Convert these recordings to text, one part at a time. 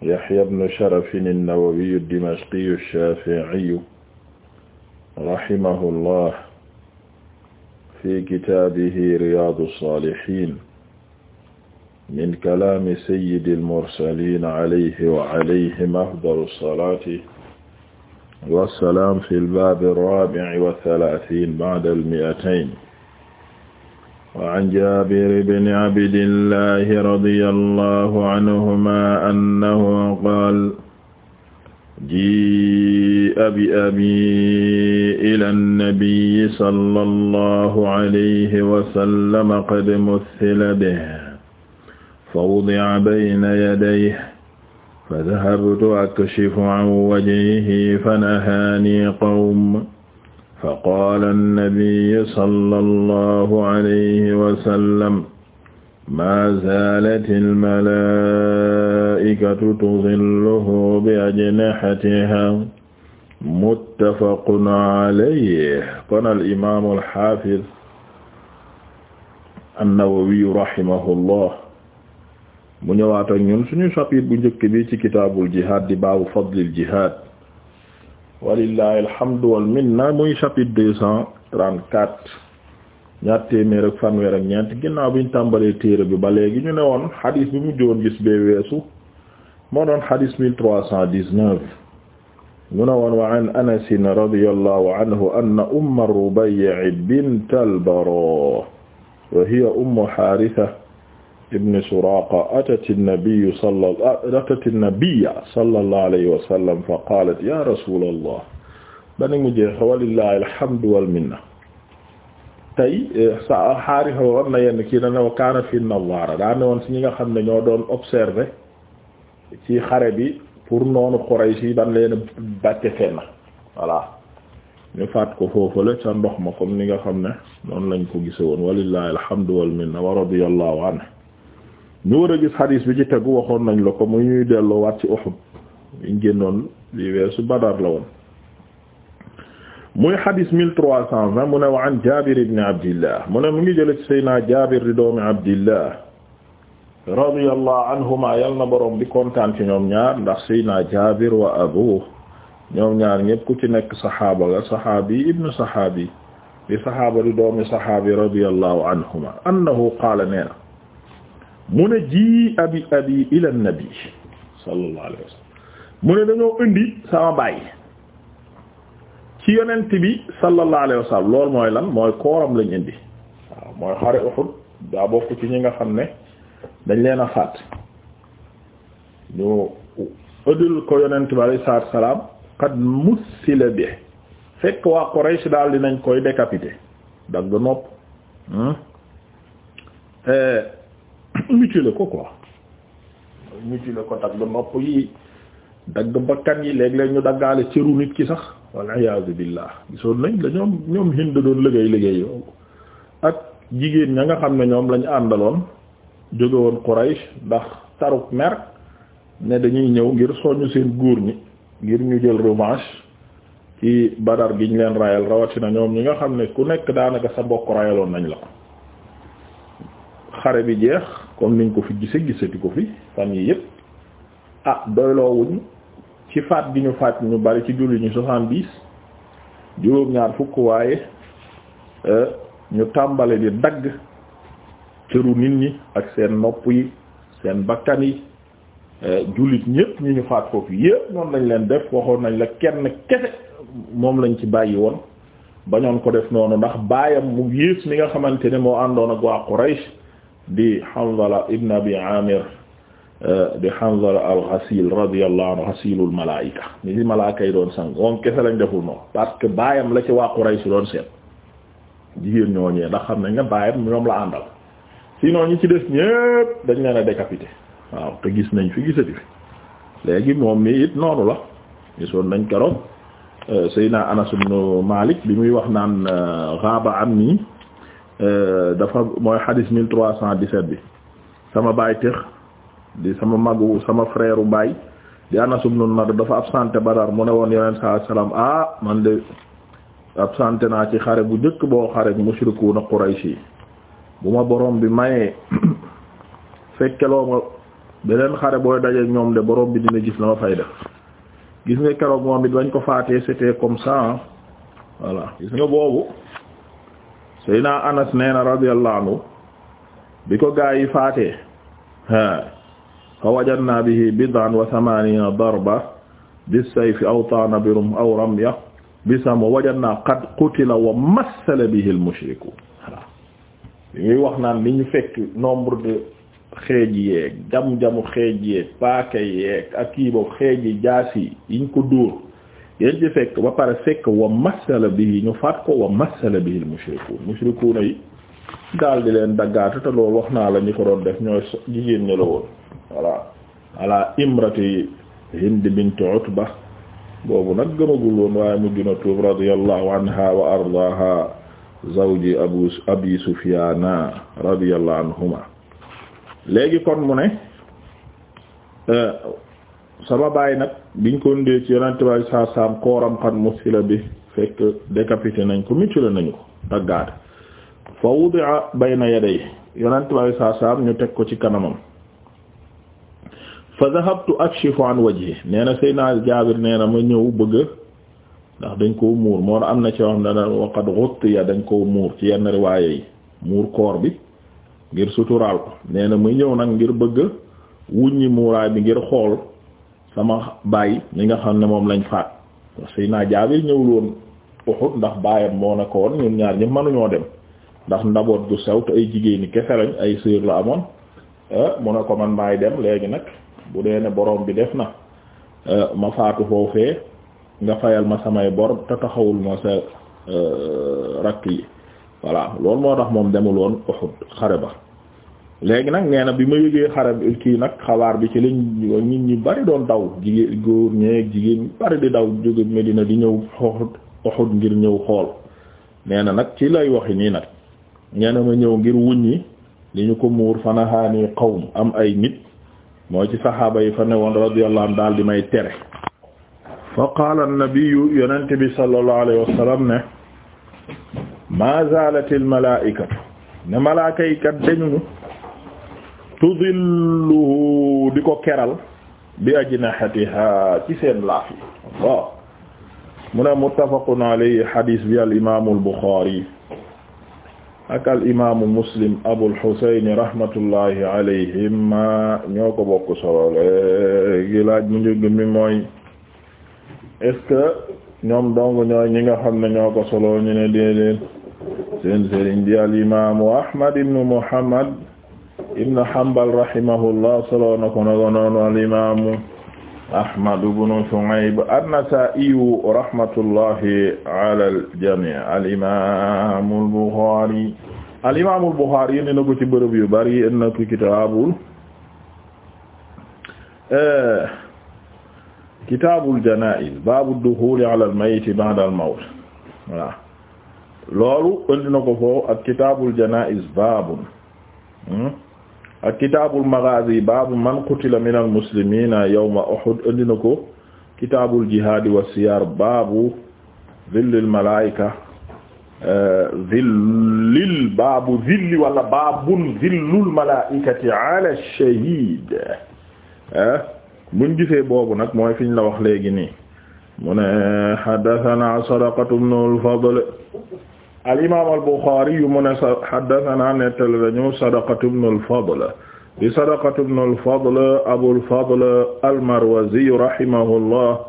Yahya ibn Sharaf an-Nawawi ad-Dimashqi ash-Shafi'i rahimahullah fi kitaabihi Riyaadu as-Saalihiin min kalaami sayyidil mursaliin alayhi wa alayhim afdalu as-salaati wa as-salaam fil baabi ar-raabi'i wa ath-thalaatiin ba'da al-mi'atayn وعن جابر بن عبد الله رضي الله عنهما أنه قال جيء بأبي إلى النبي صلى الله عليه وسلم قد مثل به فوضع بين يديه فذهبت أكشف عن وجهه فنهاني قوم faqaala annabiyu sallallahu alayhi wa sallam maa zaalati almalaa'ikatu tuzilluhu bi ajnihatihaa muttafaqun alayhi kon al-imaamu al-haafiz an-nawawiyu rahimahullah mu ñëwaat ak ñun suñu chapitre bu njëkk bi ci kitaabul jihaad di baabu fadlil jihaad walillahi alhamdu wal minna muy chapitre deux cent trente-quatre ñaar téeméer ak fanweer ak ñeent ginnaaw bi ñu téere bi ba léegi ñu ne woon xadis bi mu joon gis bee weesu moo doon xadis mille trois cent dix-neuf ñu ne woon wa an Anas radiyallahu anhu anna umma Rubayyi bint al-Bara wa hiya ummu Haritha ibn Suraaqa atati nabiyyu salla atati nabiyya sallallahu alayhi wa sallam fa qaalat bani mu jeex walillaahi alhamdu wal minna eh, sa Haarisa waxoon na yenn kii na ne kaana fi nawaara daa si ñi nga xam ne ñoo doon observé ci xare bi pour noonu Quraysh yi ban leen bàcce fenn voilà ñu faat ko foofule ca ndox ma comme ni nga xam ne noon lañ ko gise woon walillaahi alhamdu wal minna wa radiyallaahu anhu ñu war a bi ci tegu waxoon nañ la ko mu ñu delloo waat ci Uhud liñ génnoon li weesu Badar la woon muy xadiis mu ne wa an Jaabir ibn Abdillah mu ne mu ngi jële ci Seydina Jaabir di doomi Abdillah anhuma yal na boroom di kontaan ñoom ñaar ndax Seydina Jaabir wa abu ñoom ñaar ñépp ku ci nekk saxaaba la saxaabi ibnu saxaabi di saxaaba di doomi saxaabi radiyallahu anhuma annahu qaala nee mu ne jii abi abi ila nabi sallallahu alayhi wa mu ne dañoo indi sama bàyyi ci yonent bi sallallahu alayhi wa sallam loolu mooy lan mooy kooram lañ indi waaw mooy xare Uhud daa bokk ci ñi nga xam ne dañ leen a faat ñu ëddil ko yonent bi alayhi salaatu wa salaam qad musila bi fekk waa Quraysh daal dinañ koy décapité dagg nopp hmm? eh, mutilé ko quoi mutilé ko dagg nopp yi dagg bakkan yi léeg-léeg ñu daggaale cëru nit ki sax walla iyaazu billaah gisoon nañ la ñoom ñoom Hind doon liggéey liggéey yow ak jigéen ña nga xam ne ñoom lañu àndaloon jógewoon woon Quraysh ndax taruk mer ne dañuy ñëw ngir soññ seen góor ñi ngir ñu jël revanche ci badar gi ñu leen rayal rawatina ñoom ñi nga xam ne ku nekk daanaka sa mbokk rayaloon nañ la xare bi jeex kon niñ ko fi gise gisati ko fi fan yi yëpp ah doyloowuñ ci faat gi ñu faat ñu bari ci julli ñu soixante-dix juróom-ñaar fukk waaye e, ñu tàmbale di dagg cëru nit ñi ak seen nopp yi seen bakkan yi e, jullit ñépp ñu ñu faat foofu yépp noonu lañ leen def waxoon nañ la kenn kese moom lañ ci bàyyi woon bañoon ko def noonu ndax baayam mu yées mi nga xamante ne moo àndoon ak waa rey di Hanzala ibn Abi Amir eh, di Hanzala al-Ghasil radiyallahu anhu ghasilul malaa'ika ni malaaka yi doon sang moom kese lañ deful noonu parce que baayam la ci waa Quraysh doon seet jigéen ñooñee ndax xam nañ nga baayam ñoom la àndal sinon ñi ci des ñépp dañ leen a waaw te gis nañ fi gisati fi léegi moom mi it noonu la gisoon nañ keroog eh, Seydina Anas ibn Malik bi muy wax naan eh, ghaba nii Euh, dafa mooy xadis mille trois cent dix-sept bi sama baay tëx di sama magu sama frère baay di Anas ibn Nadr dafa absenté Badar mu ne woon yonent saa salaam ah man de absenté naa ci xare bu njëkk boo xare mushrikuuna Qurayshi bu ma boroom bi mayee fekkeloo ma beneen xare booy dajeek ñoom de borom bi dina gis la ma fay def gis nga keroog moom it bañ ko faatee c'était comme ça voilà gis nga boobu Seydina Anas nee na radiyallahu anhu bi ko gaa yi faatee fa wajadna bihi bid'an wa thamanina darba bis-sayfi aw ta'na birum aw ramya bisam wa wajadna qad qutila wa bihi al-mushrikun voilà li ñuy wax naan li ñu fekk nombre de xeej yeeg jam-jamu xeej paaka yeeg ak kii boobu xeej yi ko dóor yéen ci fekk ba pare fekk wa masala bi ñu faat ko wa masala bi mushrikuun mushrikuuna yi daal di leen daggaate wax naa la ñi ko doon def ñooy jigéen ñi la woon voilà imrati hind bint utba boobu nag gëmagul woon waaye mujj na tuub radiyallahu anha wa ardaha zawji abi sufyaana radiyallahu anhuma léegi kon mu ne euh, sama bàyyi nag biñ ko ndee ci yonent baay saa saam kooram xat musila bi fekk décapité nañ ko mutilé nañu ko taggaate fa bay na yaday yi baay saa saam ñu teg ko ci kanamam fa dhahabtu akshifu an wajhi nee na Seydina Jaabir nee na ma ñëw bëgg ndax dañ koo muur moo am na ci wax ne wa qad ghuttiya dañ koo muur ci yenn riwaaye yi muur koor bi ngir suturaal ko nee na ma ñëw nag ngir bëgg wuññi muuraay bi ngir xool sama baay mi nga xam ne moom lañ faat Seydina Jaabir ñëwul woon Uhud ndax baayam moo ne ko woon ñun ñaar ñëpp mënuñoo dem ndax ndaboot gu sew te ay jigéen ñi kese lañ ay sœur la amoon eh, mu ne ko man maay dem léegi nag bu dee ne borom bi def na eh, ma faatu foofee nga fayal ma samay bor te taxawul ma sa eh, rakk yi voilà loolu moo tax moom demul woon xare ba. léegi nag nee na bi ma yëgee xare kii nag xabaar bi ci lañ nit ñi bari doon daw jigéen góor ñeeg jigéen ñu bari di daw jóge Medina di ñëw Uhud Uhud ngir ñëw xool nee na nag ci lay waxi nii nag nee na ma ñëw ngir wuññi li ñu ko muur fanahaani qawm am ay nit moo ci saxaaba yi fa newoon radiyallahu anhu daal di may tere fa qaala an-nabiyyu yonente bi sallallahu alayhi wa sallam ne ma zaalatil malaa'ikatu ne malaaka yi kat tudilluhu di ko keral bi ajnahatiha ci seen laaf yi waaw mu ne bi al imaamu al Buxaari ak al imaamu Muslim Abul Husayn ñoo ko bokk solo léegi laaj mu njëkk mi mooy est-ce que ñoom dong ñooy ñi nga xam ñoo ko solo ñu ne déedéet seen sëriñ bi al Ahmad ibn Muhammad ibn Hanbal rahimahullah solo na ko noonu al imaamu Ahmad ibn Shu'ayb an-Nasaa'i rahmatullahi ala al-jamii' al imaamu al-Bukhaari al imaamu al-Bukhaari indi na ko ci bërëb yu bari indi na ko kitaabul eh, kitaabul janaa'iz baabu duxuuli ala al-mayyiti ba'da al-mawt voilà loolu indi na ko foofu ak kitaabul janaa'iz baabun hmm? ak kitaabul maghazi baabu man qutila min al muslimina yawma uhud indi na ko kitaabul jihaadi wa siyar baabu zillil malaayika eh, zillil baabu zilli wala baabun zillul malaayikati ala shahid eh, buñ gisee boobu nag mooy fiñ la wax léegi nii mu ne haddathana sadaqatu ibnul fadl al imaam al Buxaari yu mu ne sa haddasanaa nettali lañu Sadaqatu ibnu al-Fadl di Sadaqatu ibnu al-Fadl Abul Fadl al-Marwazi rahimahullah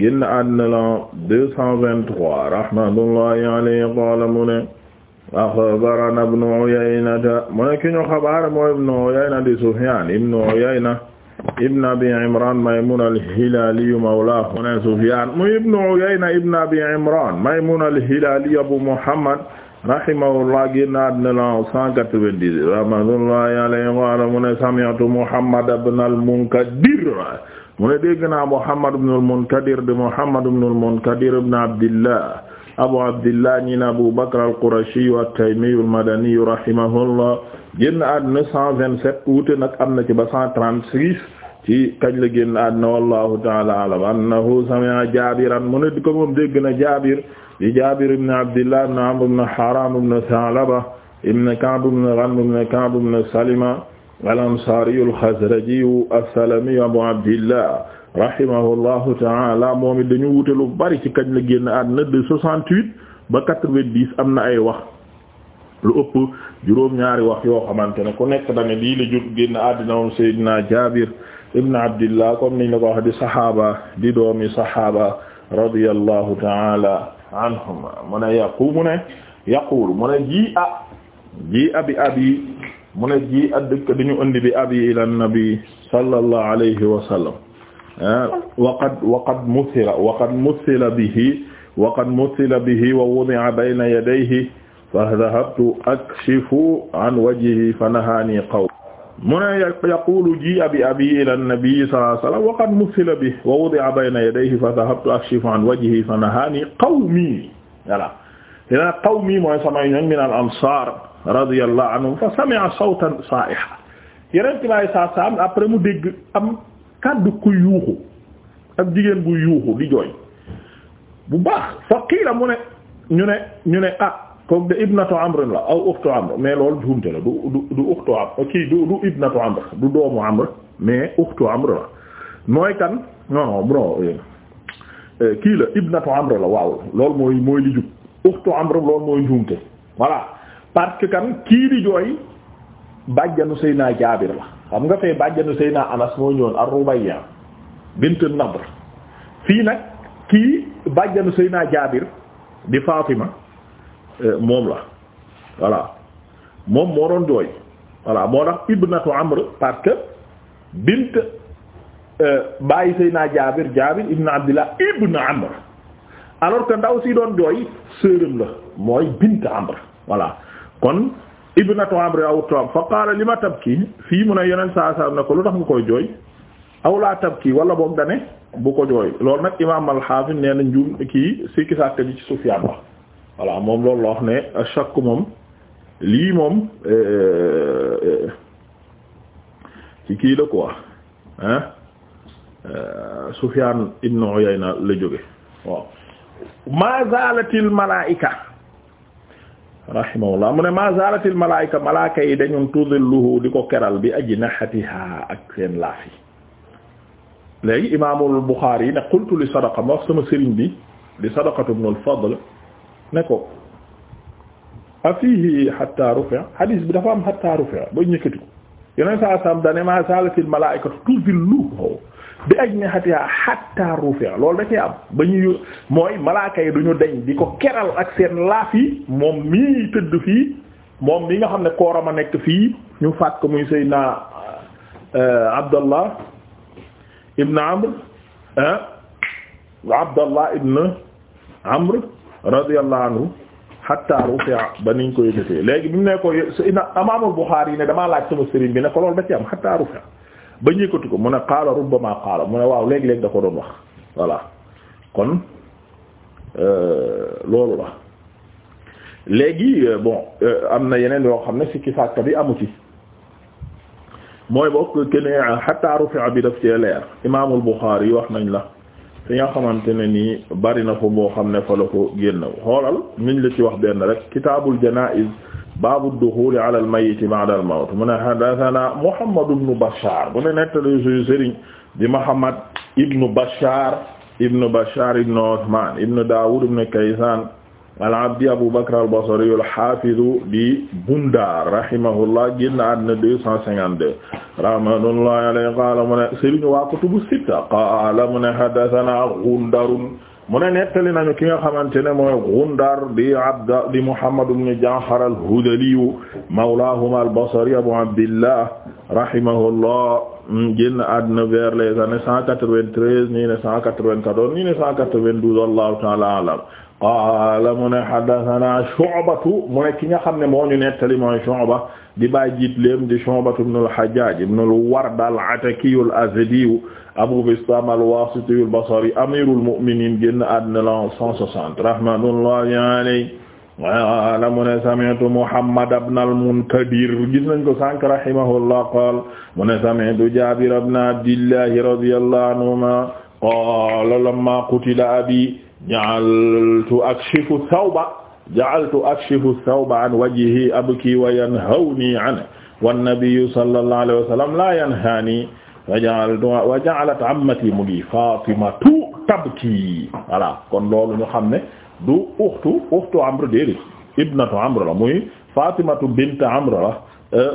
génn àddina la 223 rahmatullahi alayhi qaala mu ne axbaranaa ibnu Uyayna mu ne ki ñu xabaar mooy ibnu Uyayna di Sufyaan ibnu Uyayna ibn abi imran maymun al-hilali mawla mu ne sufyan mu ibn uyayna ibn abi imran maymun al-hilali abu muhammad rahimahullah génna àddina la 190 rahmatullahi alayhi qala mu ne sami'tu muhammad ibn al-munkadir mu ne dégg naa muhammad ibn al-munkadir de muhammad ibn al-munkadir ibn abdillah abu abdillah ñi ne abu bakr al-qurashiyu at-taymiyu al-madaniyu rahimahullah génn àddina 127 wuute nag am na ci ba 136 ci kañ la génn àddina wallahu ta'ala a'lam annahu sami'a jaabiran mu ne ko moom dégg na jaabir di jaabir ibn abdillah ibn amr ibn haram ibn tha'laba ibn ka'b ibn ghanm ibn ka'b ibn salima al-ansariyu al-khazrajiyu as-salamiyu abu abdillah rahimahullahu taala moom it dañu wute lu bari ci kañ la génn àddina de soixante-huit ba quatre vingt am na ay wax lu ëpp juróom-ñaari wax yoo xamante ne ku nekk dane lii la jur génn àddina moom Seydina Jaabir ibn Abdillah comme niñ la ko wax di saxaaba di doomi saxaaba radiyallahu taala anhuma mu ne yaqu mu ne yaquulu mu ne a ji abi abi mu ne ji a dëkk dañu indi bi abi ila nabi sallallahu alayhi wa waqad waqad muthila waqad muthila bihi waqad muthila bihi wa wudi'a bayna yadayhi fa dhahabtu akshifu an wajhihi fa nahani qawm mu ne yaqulu ji abi abi ila nabi sallallahu alayhi wasallam waqad muthila bihi wa wudi'a bayna yadayhi fa dhahabtu akshifu an wajhihi fa nahani qawmi voilà ila qawmi mooy samay ñoñ min al ansar radiyallahu anhum fa sami'a sawtan sa'iha yeneen ci laay saa saa après mu dégg am. kàddu ku yuuxu ak jigéen buy yuuxu di jooy bu baax fa qiila mu ne ñu ne ñu ne ah kooku de ibnatu amr la aw uxtu amr mais loolu juumte la du du du uxtu kii doomu amr mais uxtu amr la mooy kan euh, euh, kii la ibnatu amr la waaw loolu mooy mooy li jub uxtu amr loolu mooy juumte voilà parce que kan kii di jooy bàjjanu Seydina Jaabir la xam nga fee bàjjanu Seyna Anas moo ñëwoon ar-Rubayya bint Nadr fii nag kii bàjjanu Seyna Jaabir di Fatima euh, moom la voilà moom moo doon jooy voilà moo tax ibnatu Amr parce que bint euh, bàyyi Seyna Jaabir Jaabir ibn Abdillah ibn Amr alors que ndaw si doon jooy sërëm la mooy bint Amr voilà kon ibnatu amri aw tuam fa qaala li ma tabki fii mu ne yonent saa saa ne ko lu tax nga koy jooy aw laa tabki wala boog dane bu ko jooy lool nag imaam al-Hafiz nee na njuum kii sikki sàkk bi ci Sufyaan la voilà moom loolu la wax ne shakk moom lii moom eh, eh, ci kii la quoi ah Sufyaan ibn Uyayna la jóge ma zaalatil malaa'ika rahimahullah mu ne ma zalatil malaayika malaaka yi dañun tudilluhu di ko keral bi ajnahatiha ak seen laaf yi léegi imaamul Buxaari yi ne qultu li sadaqa ma wax sama sëriñ bi di sadaqatu ibn al-Fadl ne ko a fiihi hatta rufi'a hadis bi dafa am hatta rufi'a ba ñëkkati ko yeneen saa sam dane ma zalatil malaayikatu tudilluhu bi ajnihatiha hatta rufi'a loolu da ci am ba ñu mooy malaaka yi ñu deñ di ko keral ak seen laaf yi moom mii tëdd fii moom mi nga xam ne kooram a nekk fii ñu faat ko muy Seydina euh, Abdallah ibn Amr Abdallah ibn Amr radiyallahu anhu hatta rufi'a ba niñ koy defee léegi bi mu ne ko Seydina Imaamul Buxaari yi ne damaa laaj sama sëriñ bi ne ko loolu da ci am hatta rufi'a ba ñëkkatu ko mu ne qaala rubbama qaala mu ne waaw léeg-léeg da ko doon wax voilà kon euh, loolu la léegi euh, bon euh, am na yeneen yoo xam ne sikki sàkka bi amu ci mooy bokk ke ne hatta rufi'a bi daf cee leer imaamul Buxaari wax nañ la fi nga xamante ne nii bari na fa boo xam ne fa la ko génn xoolal niñ la ci wax benn rek kitaabul janaa'iz baabu duxuuli ala almayiti ba'da almawt mu ne haddathana Muhammad ibn Bashar bu ne nettali suñu sëriñ di Muhammad ibn Bashar ibn Bashar ibn Uthman ibn Dawud ibn Kaysan al-Abdi Abu Bakr al-Basri al-Hafiz di Bundar rahimahullah génn àddina deux cent cinquante-deux rahmatullahi alayhi qala mu ne sëriñ waa kutubu sitta qala mu ne haddathana Ghundar mu ne nettali nañu ki nga xamante ne mooy Gundar di abda di Muhammad ibn Ja'far al-Hudali mawlaahum al-Basri Abu Abdillah rahimahullah génn àddina vers les années 193 ñii ne 194 ñii ne 192 wallahu ta'ala a'lam qaala mu ne haddathana Shu'batu mu ne ki nga xam ne moo ñu nettali mooy Shu'ba di bàyyi jiit léem di Shu'batu ibn al-Hajjaj ibn al-Ward al-Ataki al-Azdi Abu Bistam al-Wasiti al-Basri amirul mu'minin génn àddina la 160 rahmatullahi alayhi wala mu ne sami'tu Muhammad ibn al-Munkadir gis nañ ko sànq rahimahullah qaal mu ne sami'tu Jaabir ibn Abdillahi radiyallahu anhuma qaala lamma qutila abi ja'altu akshifu thawba ja'altu akshifu thawba an wajhihi abki wa yanhawni anhu wan nabiyyu sallallahu alayhi wa sallam la yanhani wa ja'alat ammati mu ngi Fatimatu tabki kon loolu ñu xam ne du uxtu uxtu Amr déedéet ibnatu Amr la muy Fatimatu bint Amr la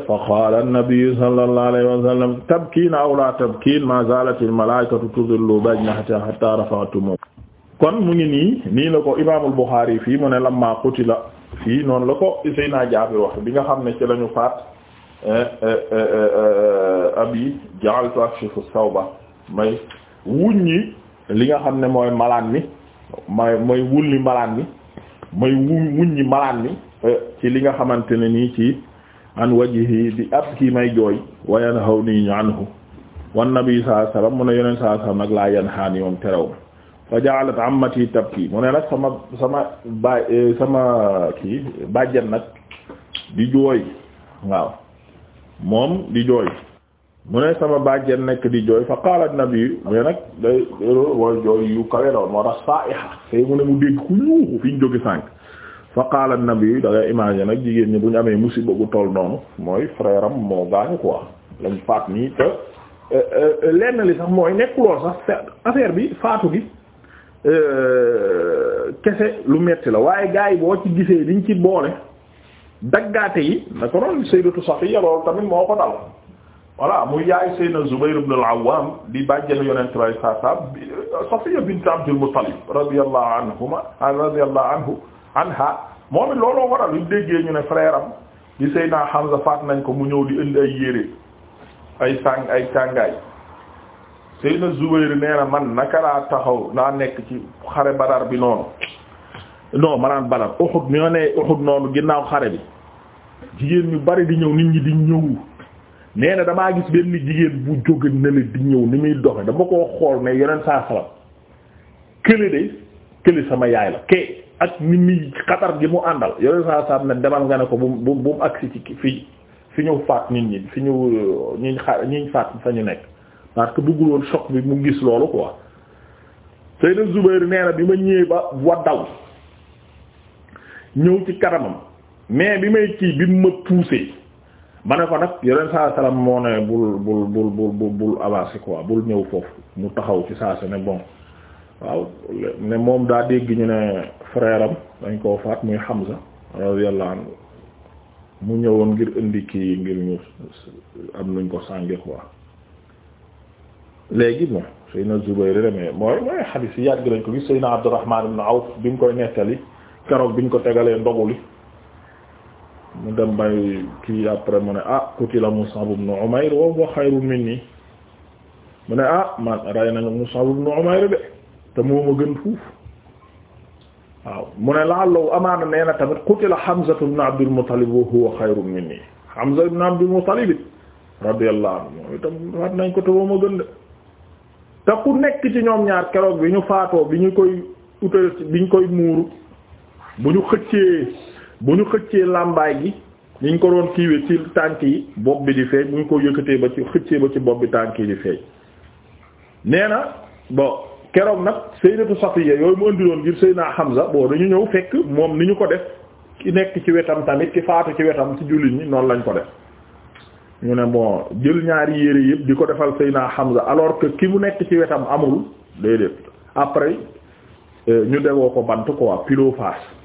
fa qaala an-nabi sallallahu alayhi wa sallam tabkiina aw laa tabkiina maa zaalat al-malaa'ikatu tuzillu ajnihatahaa hattaa rafa'tum kon mu ngi nii nii la ko imaamul Buxaari fii mu ne lammaa qutila fii noonu la ko Seydina Jaabir wax bi nga xam ne ci lañu faat yi eh, eh, eh, abi ja'altu akshifu ba may wuññi li nga xam ne mooy malaan mi may may wulli malaan mi may wuññi malaan mi ci li nga xamante ne nii ci an wajihi di ab kii may jooy wa yanhawnii anhu wan nabi sallallahu alayhi wasallam mu ne yoneen sallallahu alayhi wasallam nag laa yanhaani moom terew fa ja'alat ammati tabki mu ne nag sama sama ba sama kii bàjjen nag di jooy waaw moom di jooy mu ne sama bàjjen nekk di jooy fa qaalat nabi mais nag day wooy jooy yu kawe doon moo tax saaiha tay mu ne mu dégg ku yuuxu fi ñu jóge fa qaalat nabi da ngay imaginer nag jigéen ñi bu ñu amee musiba gu toll noonu mooy frère moo gaañu quoi lañ faat nii te lenn sax mooy nekk sax affaire bi faatu gi euh, kese lu metti la waaye gars yi boo ci gisee liñ ci boole daggaate yi na ko noonu sayyidatu Safiya loolu tamit moo ko dal voilà muy yaay sayyidna Zubayr ibn al-Awwam di bàjjale yonent bi alayhi salaam euh, Safiya bint Abdul Muttalib radiyallahu anhuma ah, radiyallahu anhu anha moom it looloo waral luñ déggee ñu ne frère am di sayyidna Hamza faat nañ ko mu ñëw di indi ay yére ay tàng ay tàngaay sayyidna Zubayr nee man naka laa taxaw naa nekk ci xare Badar bi noonu non manaan badar Uhud noonu ginnaaw xare bi jigéen ñu bari di ñëw nit ñi di ñëw nee na damaa gis benn jigéen bu jóge na di ñëw ni muy doxe dama koo xool ne yeneen saa salam kële de kële sama yaay la ke ak ni muy xatar gi mu àndal yeneen saa salam ne demal nga ne ko bu bu bu mu agsi fi fi ñu faat nit ñi fi ñu ñi xa ñiñ faat fa ñu nekk parce que bëggul woon choc bi mu gis loolu quoi Seydou Zubair nee na bi ma ñëwee ba wa daw ñëw ci kanamam mais bi may kii bi mu ma poussé ma ne ko nag yeneen saa salaam moo ne bul bul bul bul bul avancé quoi bul ñëw foofu mu taxaw ci saa si ne bon waaw ne moom daa dégg ñu ne frère dañ koo faat muy Hamza radiyallahu mu ñëwoon ngir indi kii ngir ñu am nuñ ko sànge quoi léegi bon Seydina Zubayr demee mooy mooy xadiis yi yàgg nañ ko gis Seydina Abdurrahman ibn Awf bi mu koy nettali keroog biñ ko tegalee ndogu li mu dem bay kii après mu ne ah kutila Mus'ab ibn Umayr wa huwa xayrun minni mu ne ah man rey nañu Mus'ab ibn Umayr de te moo ma gën fuuf waaw mu ne laallahu amaana nee tamit qutila Hamza ibn Abdul Muttalib wa huwa xayrun minni Hamza ibn Abdul Muttalib it radiyallahu anhu moom itam faat nañ ko te moo ma gën de te ku nekk ci ñoom ñaar keroog bi ñu faatoo bi ñu koy utal bi ñu koy muuru bu ñu xëccee bu ñu xëccee làmbaay gi ñu ko doon kiiwee ci tànk yi bopp bi di feeñ bu ñu ko yëkkatee ba ci xëccee ba ci bopp bi tànk yi di feeñ nee na bon keroog nag sëy sayyidatu yee yooyu mu andi doon ngir Seydina Hamza bon dañu ñëw fekk moom ni ñu ko def ki nekk ci wetam tamit ki faatu ci wetam ci jullit ñi noonu lañ ko def ñu ne bon jël ñaari yére yëpp di ko defal Seydina Hamza alors que ki mu nekk ci wetam amul déedéet après euh, ñu degoo ko bant ko pilo face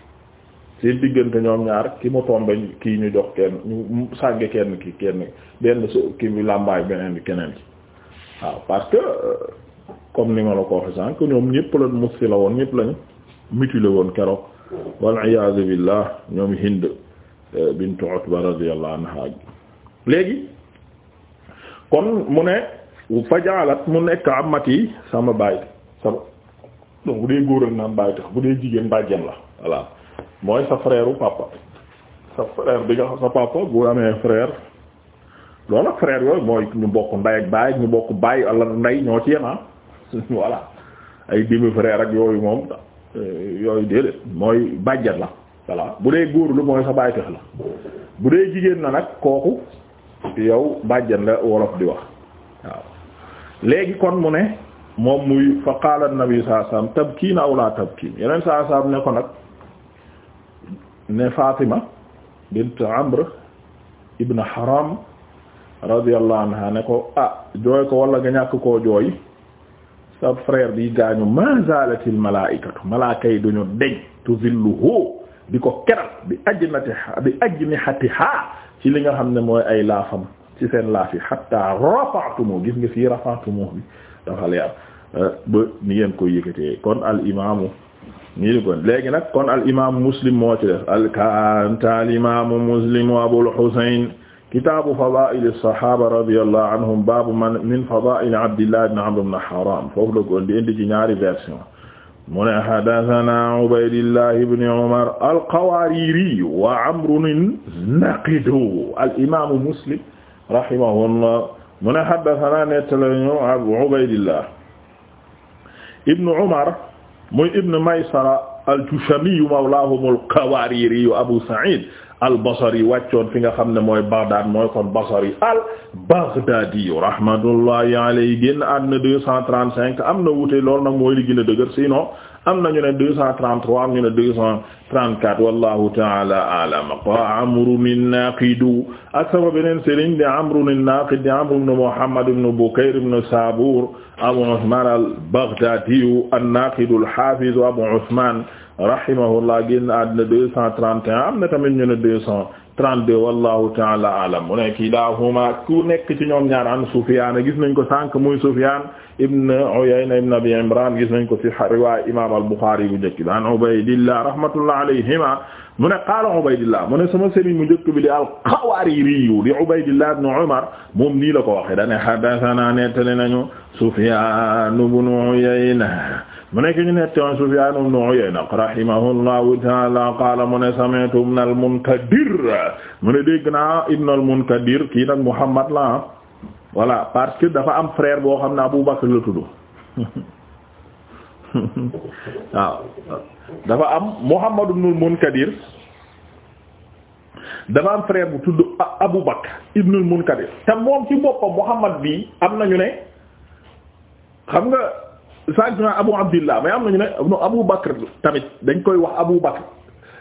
seen diggante ñoom ñaar ki mu tombe kii ñu jox kenn ñu sàgge kenn ki kenn benn su ki bi làmbaay beneen bi keneen ci waaw parce que comme ni ma la ko waxee sànq ñoom ñépp la mos si la woon ñëpp lañu mutilé woon keroog wal iyaazu billah ñoom Hind eh, bintu Utba radiyallahu anha léegi kon mu ne fajaalat mu nekk amat yi sama baay sama donc bu dee góor ak naan baay tax bu dee jigéen bàjjen la voilà mooy sa frère u papa sa frère bi nga sa papa bu amee frère loolu ak frère yooyu mooy ñu bokk nday ak baay ñu bokk bàyyi wala nday ñoo ci yem ah. voilà ay demi frère ak yooyu moom eh, yooyu déedéet mooy bàjjan la voilà bu dee góor lu mooy sa bàytex la bu dee jigéen na nag kooku yow bàjjan la wolof di wax waaw léegi kon mu ne moom muy fa na an-nabi sallallahu alayhi kii tabkiin aw laa tabkiin yeneen sallallahu alayhi ne ko nag ne Fatima bint Amr ibn Haram radiyallahu anha ne ko ah jooy ko wala nga ñàkk koo jooy sa frère bi gaañu ma zalatil malaikatu malaaka duñu deñ tuzilluhu di ko keral bi ajnati bi ajnihatiha ci li nga xam ne mooy ay laafam ci seen laaf yi hatta rafa'tumu gis nga fii rafa'tumu bi dafa leer ba ni ngeen ko yëkkatee kon al imaamu nii di kon léegi nag kon al imaamu muslim moo ci def alkanta al imaamu muslim wa abul husayn kitaabu fadaa'il as-sahaaba radiyallahu anhum baabu man min fadaa'il abdillah ibn amr ibn haram foofu la ko indi indi ci ñaari version mu ne haddasanaa ubaydillah ibn umar al-qawaariri wa amrun naqidu al imaamu muslim rahimahullah mu ne haddasanaa nettali ñu ubaydillah ibn umar muy ibn maysara al-jushamiyu mawlaahum al-qawaririyu abu sa'id al-basri wàccoon fi nga xam ne mooy baghdad mooy kon basri al-baghdadiyu rahmatullahi alayhi génn àdduna deux cent trente-cinq am na wuute loolu nag mooy li gën a dëgër sinon am nañu ne 233 am ñu ne 234 wallahu taala aalam qaa amrun an-naqidu ak sama beneen sëriñ di amrun an-naqid di amru ibn muhammad ibn bukayr ibn sabur abu usman al-baghdadi an-naqid al-hafiz abu usman rahimahullah génn àddina deux cent trente et un am na tamit ñu ne deux cent trente-deux taala alam mu ne kilahuma ku nekk ci ñoom ñaar an Sufyaan gis nañ ko sànq muy Sufyaan ibn Uyayna Abi Imran gis nañ ko fi riwaaya imam al-Bukhari bu njëkk bi an Ubaydillah rahmatullah alayhima mu ne qaala Ubaydillah mu ne sama sëriñ mu njëkk bi di al-Qawariri di Ubaydillah ibn Umar moom nii la ko waxe dane haddathana nettali nañu Sufyaan ibn Uyayna mu nekk ñu ne teewoon Sufyaan ibn Uyayna rahimahullahu ta'ala qaala mu ne sami'tu ibn al-Munkadir mu ne dégg naa ibn munkadir kii nag Muhammad la voilà parce que dafa am frère boo xam ne Abu Bakr la tudd waaw dafa am Muhammad ibn munkadir dafa am frère bu tudd Abu Bakr munkadir te moom ci boppam Muhammad bi am na ñu ne xam nga. sànq naa Abu Abdillah mais am nañu ne non Abu Bakr tamit dañ koy wax Abu Bakr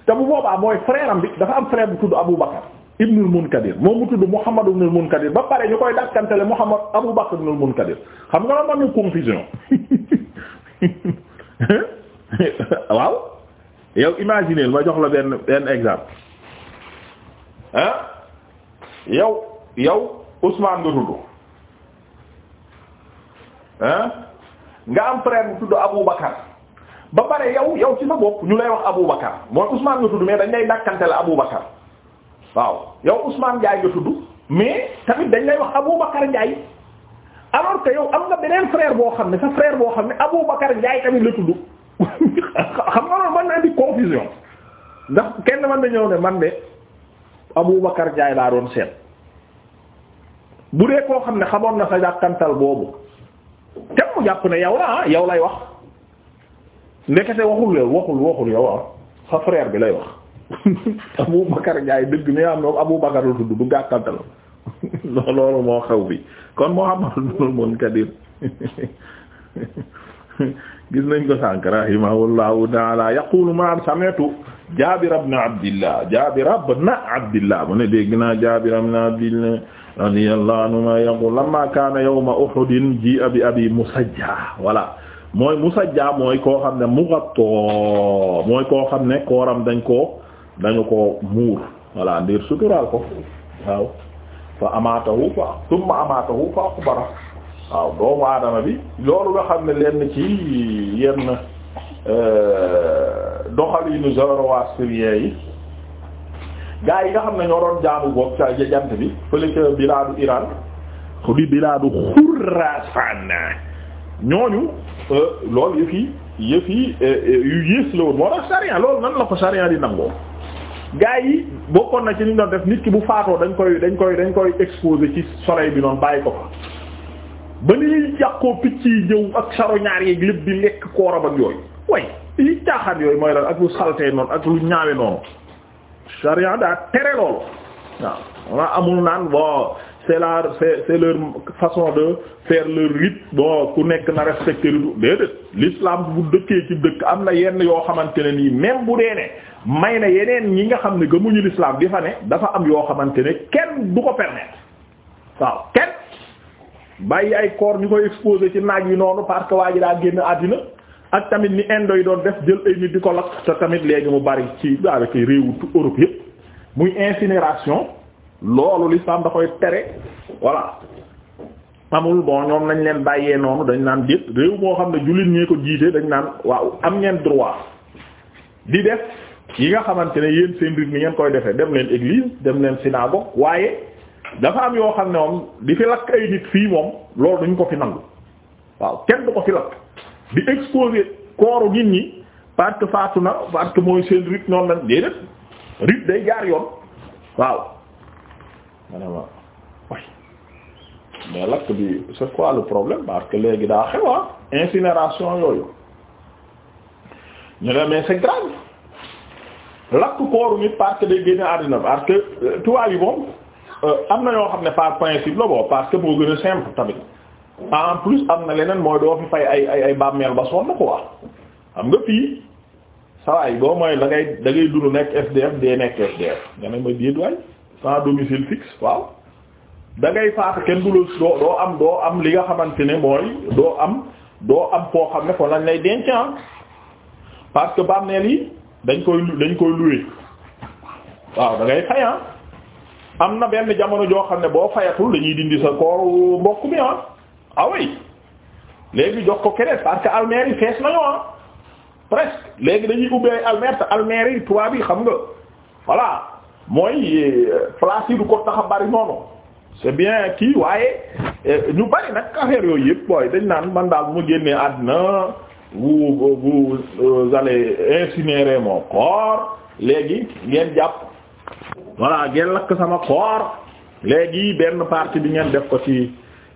te bu boobaa mooy frère am bi dafa am frère bu tudd Abu Bakr ibnul Munkadir moom mu tudd Muhammad ibnul Munkadir ba pare ñu koy dàkkantele Muhammad Abu Bakr ibnul Munkadir xam nga la mën ñu confusion waaw yow imaginez ma jox la benn benn exemple yow yow Ousmane nga tudd ah nga am frère bu tudd Abu Bakar ba pare yow yow ci sa bopp ñu lay wax Abu Bakar mooy Ousmane nga tudd mais dañ lay dàkkante la Abu Bakar waaw yow Ousmane Ndiaye nga tudd mais tamit dañ lay wax Abu Bakar Ndiaye alors que yow am nga beneen frère boo xam ne sa frère boo xam ne Abu Bakar Ndiaye tamit la tudd xam nga loolu mën na indi confusion ndax kenn mën na ñëw ne man de Abu Bakar Ndiaye laa doon seet bu dee koo xam ne xamoon na sa dàkkantal boobu. kenn mu jàpp ne yow la ah yow lay wax ndekete waxul yow waxul waxul yow ah sa frère bi lay wax Abu Bakar Ndiaye dëgg mi am na Abu Bakar la tudd du gàttantal loolu moo xew bi kon Muhammadul Munkadir gis nañ ko sànk rahimahullahu taala yaqulu man sami'tu Jaabir ibn Abdillah Jaabir ibn Abdillah mu ne dégg naa Jaabir ibn Abdillah radiyallahu anhuma yaqul lamma kaana yawma uhudin ji'a bi abi musajja voilà mooy musajja mooy koo xam ne mughattoo mooy koo xam ne kooram dañ koo dañu ko muur voilà ndir suturaal ko waaw fa amaatahu fa thumma amaatahu fa aqbara waaw doomu aadama bi loolu nga xam ne lenn ci yenn euh, doxalinu zoroastrien yi gaa yi nga xam ne ñoo doon jaamu goog ca jant bi fële ca bilaadu Iran di bilaadu Xurasaan ñooñu euh, loolu yëf yi euh, euh, yu yées la woon moo tax sariya loolu nan la ko sariya di nangoo gaa yi bokkoon na ci li ñu doon def nit ki bu faatoo dañ koy dañ koy dañ koy exposé ci soleil bi noonu bàyyi ko fa ba ni ñuy yàqoo picc yi ñëw ak charognard yeeg lépp di lekk kooram ak yooyu way li caaxaan yooyu mooy lan ak lu saltee noonu ak lu ñaawe noonu charia daa tere loolu waaw wala amul naan bon c'est la c'est c'est leur façon de faire leur rite bon ku nekk na respecter lu déedéet l'islam bu dëkkee ci dëkk am na yenn yoo xamante ne nii même bu dee ne may na yeneen ñi nga xam ne gëmuñu lislaam di fa ne dafa am yoo xamante ne kenn du ko permettre waaw kenn bàyyi ay corps ñu koy exposer ci naaj wi noonu parce que waa ji daa génn àddina ak tamit ni indo yi doon def jël ay nit di ko lakk sa tamit léegi mu bari ci avec réewu Europe yëpp muy incinération loolu l'islam da koy tere voilà amul bon ñoom nañ leen bàyyee noonu dañ naan déet réew moo xam ne jullit ñee ko jiite dañ naan waaw am ngeen droit di def yi nga xamante ne yéen seen rythme ngeen koy defee dem leen église dem leen synagogue waaye dafa am yoo xam ne moom di fi lakk ay nit fii moom loolu duñ ko fi nangu waaw kenn di exposer kooru nit ñi parce faatu na parce que mooy seen rythme noonu la déedéet rythme day jaar yoon waaw ma lakk bi c'est quoi le problème parce que léegi daa xewa ah, incinération yooyu ñu ne mais c'est grave lakk kooru nit parce day génne àddina parce que euh, tuwaay yi moom euh, am na yoo xam ne par principe la boo parce moo gën a simple tamit en plus am na leneen mooy doo fi fay ay ay ay bàmmeel ba sonn quoi xam nga fii sawaay boo mooy da ngay da ngay dund nekk SDF dee nekk SDF nga ne ma déet waay sans domicile fixe waaw da ngay faatu kenn du la doo am doo am li nga xamante ne mooy doo am doo am foo xam ne foo lañ lay denc ah. parce que bàmmeel yi dañ koy dañ koy louer waaw dangay ngay ah. am na benn jamono joo xam ne boo fayatul dañuy dindi sa kooru mbokk mi ah. away ah léegi jox ko keneen parce que almeer yi fees nañoo ah presque léegi dañuy ubbee ay almeer te almeer yi tubaab yi xam nga voilà mooy euh, place yi du ko tax a bari noonu c'est bien kii waaye euh, ñu bari nag affaire yooyu yëpp booy dañ naan man daal bu ma génnee àddina vous vous allez incinérer mon corps léegi ngeen jàpp voilà ngeen lakk sama corps léegi benn bi ngeen def ko ci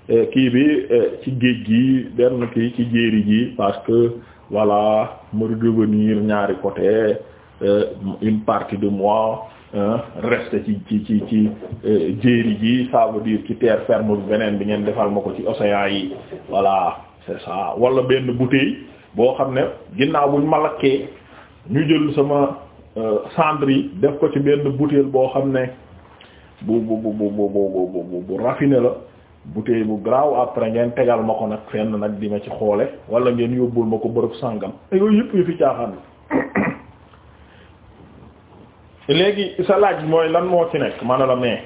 Euh, kii bi euh, ci géej gi benn kii ci jéeri ji parce que voilà me redevenir ñaari côté euh, une partie de moi reste ci ci ci jéeri ji ça veut dire ci terre ferme bi beneen bi ngeen defal ma ko ci océan yi voilà c'est ça wala benn bouteille boo xam ne ginnaaw buñ ma lakkee ñu jël sama cendre yi def ko ci benn bouteille boo xam ne bu bu bu bu bu bu bu bu la bouteille bu garaaw après ngeen tegal ma ko nag fenn nag di ma ci xoole wala ngeen yóbbul ma ko bërëb sàngam yooyu yëpp yu fi caaxaan léegi sa laaj mooy lan moo ci nekk ma ne la mais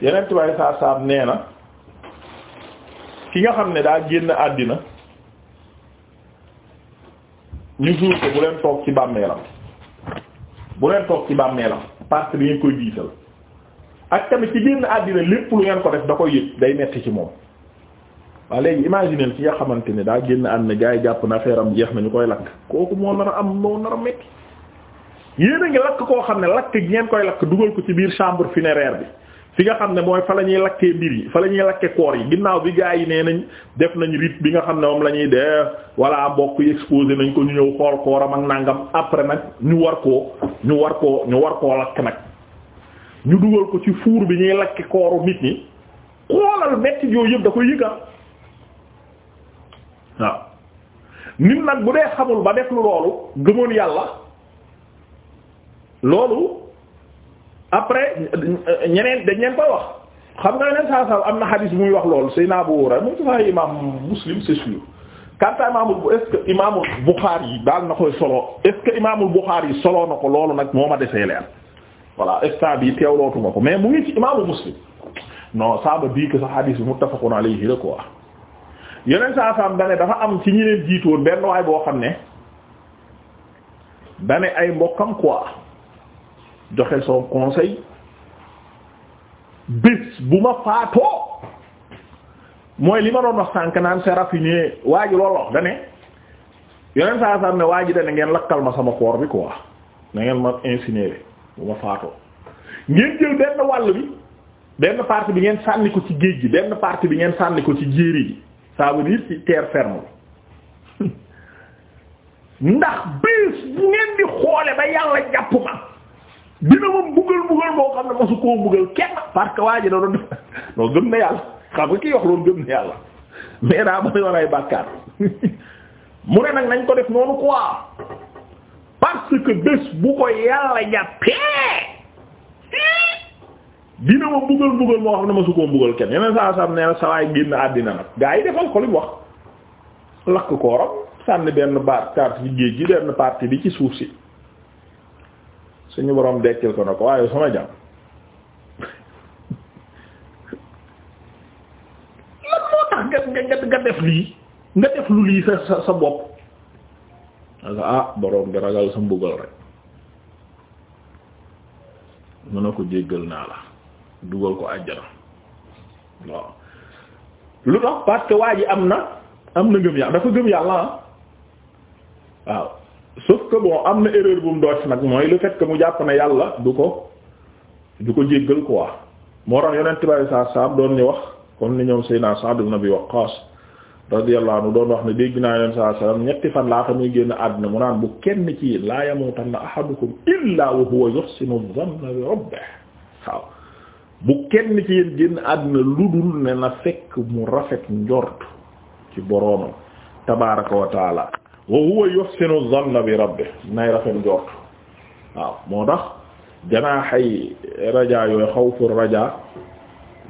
yeneen tubaab saa saa nee na ki nga xam ne daa génn àddina ñu suur ko bu leen toog ci bàmmeelam bu leen toog ci bàmmeelam parce que dañ koy diisal ak tamit ci génn àddina lépp lu ngeen ko def da koy yëg day metti ci moom waaw léegi imaginer ci nga xamante ne daa génn àddina gaa yi jàpp na affaire am jeex na ñu koy lakk kooku moo nar a am moo nar a metti yéen a ngi lakk koo xam ne lakk gi ngeen koy lakk dugal ko ci biir chambre funéraire bi fi nga xam ne mooy fa la ñuy lakkee mbir yi fa la ñuy lakkee koor yi ginnaaw bi gaa yi nee nañ def nañ rite bi nga xam ne moom la ñuy def walla mbokk yi exposé nañ ko ñu ñëw xool kooram ak nangam après nag ñu war koo ñu war koo ñu war koo lakk nag ñu dugal ko ci fuur bi ñuy lakki kooru nit ñi xoolal metti yooyu yëpp da koy yëga ah. waaw nit nag bu dee xamul ba def lu loolu gëmoon yàlla loolu après ñeneen dañ leen koy wax xam nga leen saa saa am na bu muy wax loolu sëy naa bu wóora mu saa imam muslim c'est sûr kanta imaamul est-ce yi daal na koy solo est-ce que imaamul Buxaari yi solo na ko loolu nag moo ma desee leer voilà yi bii teewlootuma ko mais mu ngi ci imaamu muslim non ça veut dire sa hadis bi muttafaqun alayhi la quoi yeneen saa saam da dafa am ci ñi leen jiitoon benn waay boo xam ne da ay mbokkam quoi joxe son conseil bés bu ma faatoo mooy li ma doon wax sànq naan c'est waa ji loolu wax da ne saa saam ne waa ji da ne ngeen lakkal ma sama koor bi quoi na ngeen ma incinéré. bu faatoo ngeen jël benn wàll bi benn partie bi ngeen sànni ko ci géej gi benn partie bi ngeen sànni ko ci jéeri ji ça veut ci terre ferme bi ndax bés bu ngeen di xoole ba yàlla jàpp ma dina ma mbugal mbugal boo xam ne masu koo mbugal kenn parce que waa ji da doon gëm na yàlla xam nga ki wax loolu gëm na yàlla mais daa ba yoon ay bàkkaar mu ne nag nañ ko def noonu quoi parce que bés bu ko yàlla jàpp dina ma buggal buggal moo xam ne ma su koo buggal kenn yeneen saa saam nee na sawaay génn àddina nag gaa yi defal ko li wax lakk kooram sànni benn baat carte ci géej gi benn partie bi ci suuf si suñu boroom dekkil ko na ko waaye sama jàmm lan moo tax nga nga nga def lii nga def lu lii sa sa bopp ah borom nga ragal sa mbugal rek mën na ko jéggal naa la dugal ko àjjana waaw lu tax parce que waa ji am na am na ngëm yàlla dafa gëm yàlla ah waaw sauf que bon am na erreur bu mu doot nag mooy le fekk mu jàpp na yàlla du ko du ko jéggal quoi moo tax yonent bi saa saam doon ñu wax comme ni ñoom Seydina Sa'd ibn Abi Waqqas radiyallahu anhu doon wax ne dégg naa yonent saa saam ñetti fan laata muy génn àdduna mu naan bu kenn ci laa yamuutanna ahadukum illaa wa huwa yuhsinu dhanna bi rabbih waaw. bu kenn ci yéen génn àdduna lu dul ne na fekk mu rafet njort ci boroomam tabaraka wa taala wa huwa yuhsinu zanna bi nay rafet njort waaw moo tax janaaxay rajaa yooyu xawfu rajaa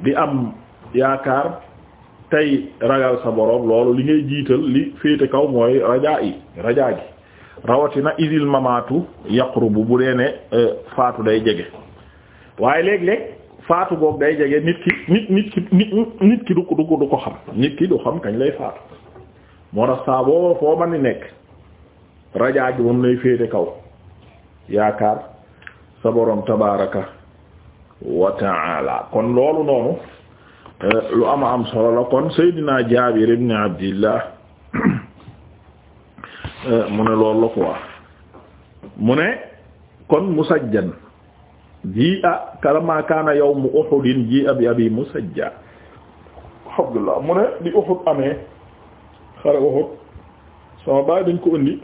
di am yaakaar tey ragal sa boroom loolu li ngay jiital li féete kaw mooy rajaa yi rajaa gi rawatina idil mamaatu yaqrubu bu dee ne euh, faatu day jege waaye léeg-léeg faatu goog day jege nit ki nit nit ki nit ki du ko du ko du ko xam nit ki du xam kañ lay faatu moo tax saa boo foo mën di nekk rajaa ji moom féete kaw yaakaar sa borom tabaaraka kon loolu noonu eh, lu ama am solo la kon Seydina Jaabir ibn Abdillah eh, mu ne loolu la quoi mu ne kon musajjan ji a ah kalama kaana yawmu uhudin ji a bi abi musajja alhamdulillah mu ne di uhud amee xare uhud sama baay dañ ko indi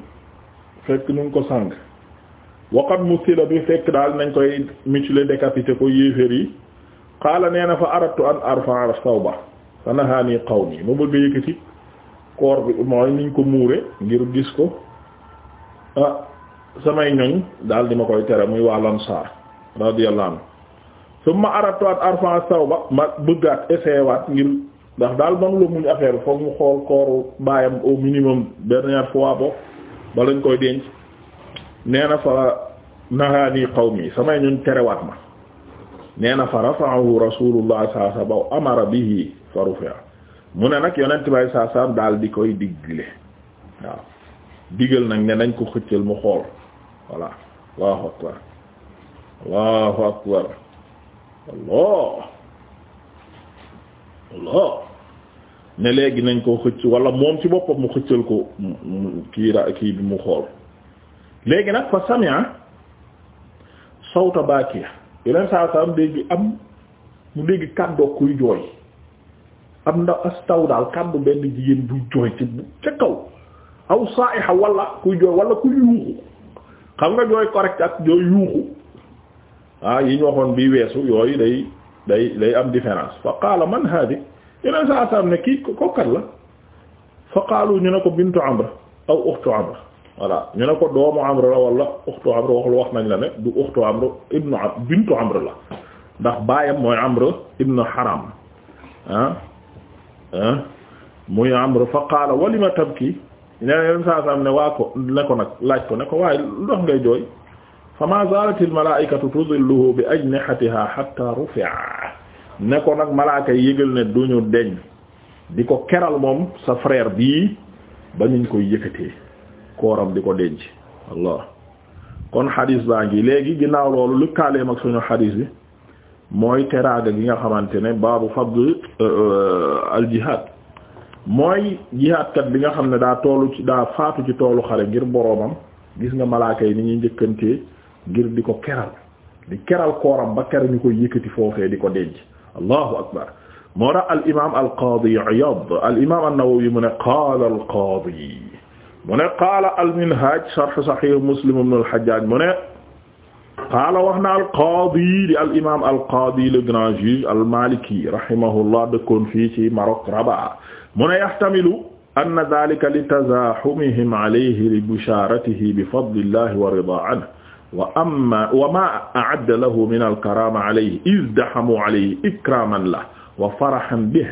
fekk ñu ngi ko sàng waqat musila bi fekk daal nañ koy mutilé décapité ko yéeféer yi qaala nee na fa aradtu an arfa'a sawba fa nahaani qawmi mu bëgg a yëkkati koor bi mooy niñ ko muure ngir gis ko ah samay ñoñ daal di ma koy tere muy waa lansaar radiyallahu anhu summa aradtu an arfa sawba ma bëggaat essayé waat ngir ndax daal manula muñ affaire foog mu xool kooru baayam au minimum dernière fois ba lañ koy denc nee na fa nahaani qawmi samay ñun terewaat ma nee na fa rafa'ahu rasulullah saa sa baw amara bihi fa rufi'a mu ne nag yonent bay saa sam daal di koy digle waaw digal nag ne nañ ko xëccal mu xool voilà Allahu akbar allahu akbar allah allah ne léegi nañ ko xëcc wala moom ci boppam mu xëccal ko kii ra kii bi mu xool léegi nag fa sami'a sawta baakiya yeneen saa saa am dégg am mu dégg kàddoo kuy jooy am ndaw as daal kàddu benn jigéen buy jooy ci ca kaw aw saa'iha wala kuy jooy wala kuy yuuxu xam nga jooy correct ak jooy yuuxu ah yi ñu waxoon bii weesu yooyu day day day am différence fa qaala man haadi yeneen saa saam ne kii kokkat la fa qaalu ñu ne ko bintu amr aw uxtu amr voilà ñu ne ko doomu amr la wala uxtu amr waxul wax nañ la ne du uxtu amr ibnu amr bintu amr la ndax baayam mooy amr ibnu haram ah ah muy amr fa qaala walima tabki ñeneen saa saam ne waa ko ne ko nag laaj ko ne ko waaye lu tax ngay jooy fama zalat al malaikatu tudilluhu bi ajnihatiha hatta rufi'a ne ko nag malaaka yi yëgal ne duñu deñ di ko keral moom sa frère bii ba nuñ koy yëkkatee kooram di ko denc allah kon xadis baa ngi léegi ginnaaw loolu lu kaaleem ak suñu xadis bi mooy teraaga gi nga xamante ne baabu fadl euh, euh, al jihad mooy jihaadkat bi nga xam ne daa toolu ci daa faatu ci toolu xare ngir boroomam gis nga malaaka yi ni ñuy njëkkantee ngir di ko keral di keral kooram ba kera ñu koy yëkkati foofee di ko denc allahu akbar moo tax al imaam al qaadi Iyaad al imaam an-Nawawi mu ne qaala al qaadi mu ne qaala al minhaaj sharh sahih Muslim ibn al Hajjaaj mu ne qaala wax na al qaadi di al imaam al qaadi le grand juge al maliki rahimahullah dëkkoon fii ci Maroc Rabat mu ne yahtamilu anna dhaalika li tazaahumihim alayhi li bishaaratihi bi fadlillahi wa ridaa anhu wa amma wa ma a'adda lahu min al-karama alayhi izdahamu alayhi ikraman lahu wa farahan bihi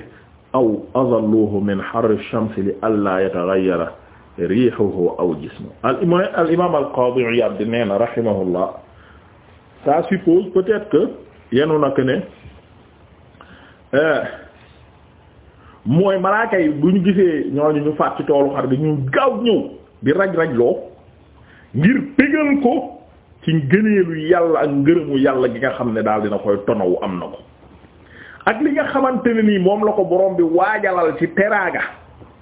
aw adalluhu min harri ash-shams li alla yataghayyara rihuhu aw jismuhu al imam al-qadi Iyad nee na rahimahullah ça suppose peut-être que yenu na ne eh, mooy malaaka yi bu ñu gisee ñooñu ñu faat ci toolu xar bi ñu gaaw ñëw di raj-raj loo ngir pégal ko ci ngëneelu yàlla ak ngërëmu yàlla gi nga xam ne daal dina koy tonawu am na ko ak li nga xamante ne nii moom la ko borom bi waajalal ci teraanga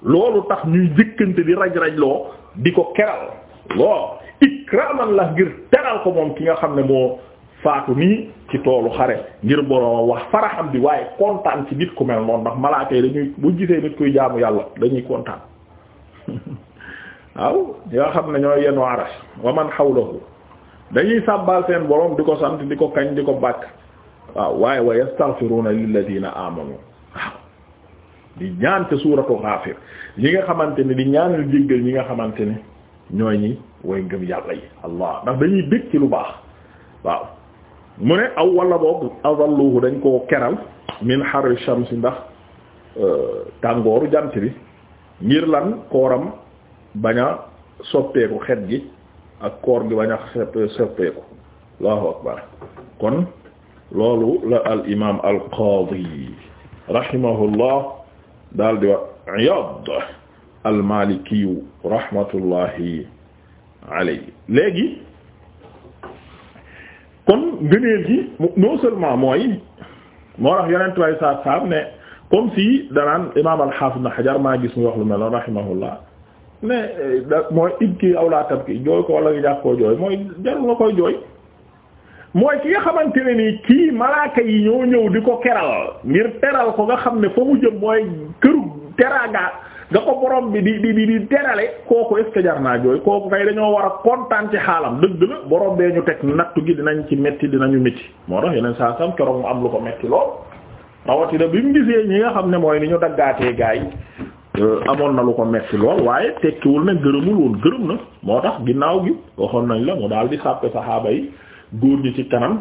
loolu tax ñuy jëkkante di raj-raj loo di ko keral loo ikraman la ngir teral ko moom ki nga xam ne moo faatu nii ci toolu xare ngir borom wax faraxam bi waaye kontaan ci nit ku mel noonu ndax malaaka yi dañuy bu gisee nit kuy jaamu yàlla dañuy kontaan waaw ñi xam ne ñoo yenn arash wa man hawlahu dañuy sàbbaal seen borom di ko sant di ko kañ di ko bàkk waaw waaye wa yastaghfiruna lilladina amanu waaw di ñaan te suuratu Ghafir ñi nga xamante ne di ñaanal jéggal ñi nga xamante ni ñooy ñi way ngëm yàlla yi allah ndax dañuy dégg lu baax waaw mu ne aw wala boobu azalluhu dañ ko keral min harri shams ndax euh, tàngooru jant bi ngir lan kooram bañ soppeeku xet gi ak koor gi bañ a seppe seppeeku allahu akbar kon loolu la al imaam al qaadi rahimahullah daal di wax Iyaad al Maalikiyu rahmatullahi alayhi léegi kon mooy moo tax yeneen tubaab yi saa ne comme si danaan imaam al Haafiz Ibn Hajar maa gis mu wax lu mel noonu mais eh, mooy ibki aw laa tabki jooy ko wala nga koo jooy mooy jarul nga koy jooy mooy ki nga xamante ne nii kii malaaka yi ñoo ñëw di ko keral ngir teral ko nga xam ne fa mu jëm mooy këru teraanga nga ko borom bi di di di terale kooku est ce que jar naa jooy kooku kay dañoo war a kontaan ci xaalam dëgg la borom bee ñu teg nattu gi dinañ ci metti dinañu metti moo tax yeneen saa sam keroog mu am lu ko metti lool rawatina bi mu gisee ñi nga xam ne mooy ni ñu daggaatee gaa Euh, amoon na lu ko metti lool waaye tekkiwul na gërëmul woon gërëm na moo tax ginnaaw gi waxoon nañ la mu daal di sàppe saxaaba yi góor ñi ci kanam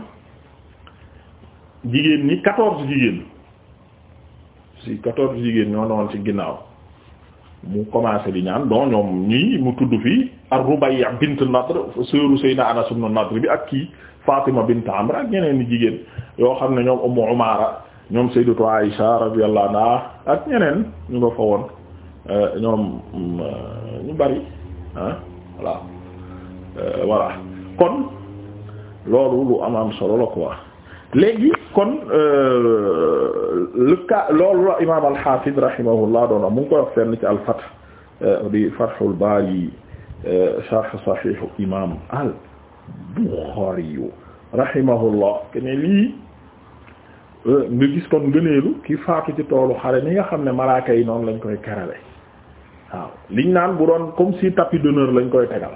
jigéen ñi quatorze jigéen si quatorze jigéen ñoo noonu ci ginnaaw mu commencé di ñaan donc ñoom ñii mu tudd fii ar-Rubayya bint Nadr seeru Seydina Anas ibn Nadr bi ak kii Fatima bint Amr ak ñeneen ni jigéen yoo xam ne ñoom Ummu Umaara ñoom Sayyidatu Aïsha radiyallahu anha ak ñeneen ñu nga fa woon Euh, ñoom mm, euh, ñu bari ah voilà kon loolu lu am solo la ko wax léegi kon lu ka loolu la imaam al-Hafiz rahimahullah doon am mu koy wax fenn ci al-Fath di Fathul Bari sharh Sahih imaam al-Bukhari rahimahullah kene lii nga gis kon gëneelu ki faatu ci toolu xare ni nga xam ne malaaka yi noonu lañ koy karale waaw liñ naan bu doon comme si tapis d'honneur lañu koy tegal